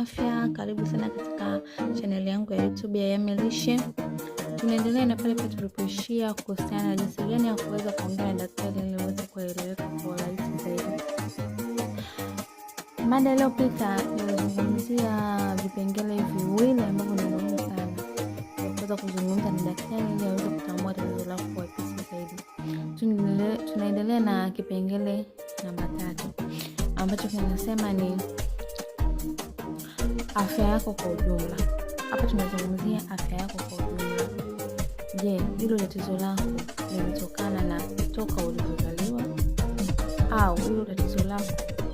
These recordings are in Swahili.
afya. Karibu sana katika chaneli yangu ya YouTube ya yamelishe Tunaendelea na pale pale tulipoishia kuhusiana na jinsi gani ya kuweza kuongea na daktari ili uweze kueleweka kwa urahisi zaidi. Mada iliyopita nilizungumzia vipengele viwili ambavyo ni muhimu sana kuweza kuzungumza na daktari ili aweze kutambua tatizo lako kwa urahisi zaidi. Tunaendelea na kipengele namba tatu ambacho kinasema ni afya yako kwa ujumla. Hapa tunazungumzia afya yako kwa ujumla. Je, hilo tatizo lako limetokana na toka ulivyozaliwa au hilo tatizo lako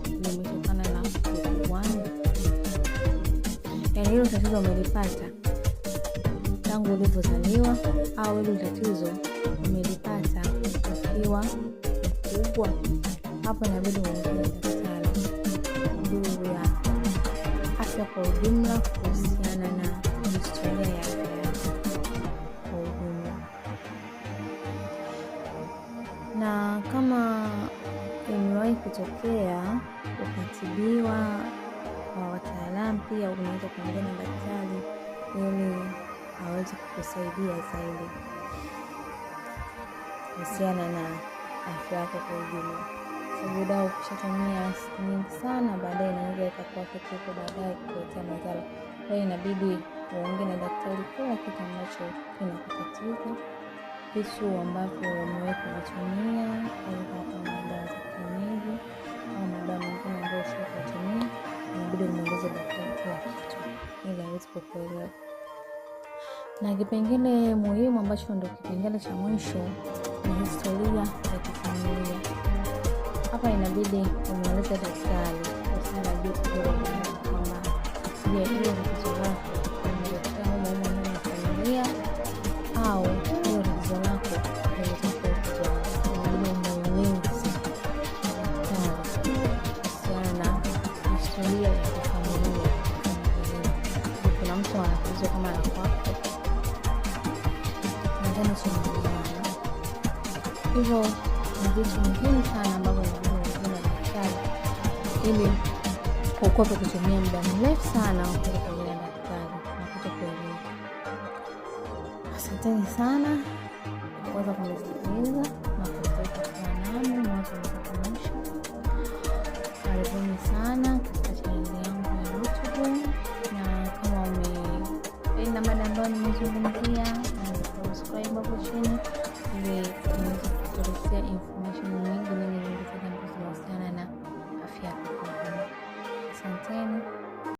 limetokana na ukubwani? yani hilo tatizo umelipata tangu ulivyozaliwa au hilo tatizo umelipata ukiwa mkubwa? Hapo inabidi uongee daktari juu ya maarifa kwa ujumla kuhusiana na historia ya afya kwa ujumla. Na kama imewahi kutokea ukatibiwa kwa wataalamu, pia unaweza kuongea na daktari ili aweze kukusaidia zaidi kuhusiana na afya yako kwa ujumla sababu dawa ukishatumia siku nyingi sana, baadaye inaweza ikakuwa afekti baadaye kuletea madhara. Kwa hiyo inabidi uongee na daktari kila kitu ambacho kinakutatiza, vitu ambavyo umewahi kuvitumia, aidha hata dawa za kienyeji au madawa mengine ambayo ushawahi kutumia, inabidi umuulize daktari kila kitu ili aweze kukuelewa. Na kipengele muhimu ambacho ndio kipengele cha mwisho ni historia ya kifamilia hapa inabidi umuulize daktari kwamba je, hilo tatizo lako limetokea humo familia au hilo tatizo lako hivyo. Ni vitu muhimu sana ambavyo ili kuokopa kutumia muda mrefu sana wa kuenda daktari na kuelewa Asanteni sana kwa kuweza kunisikiliza.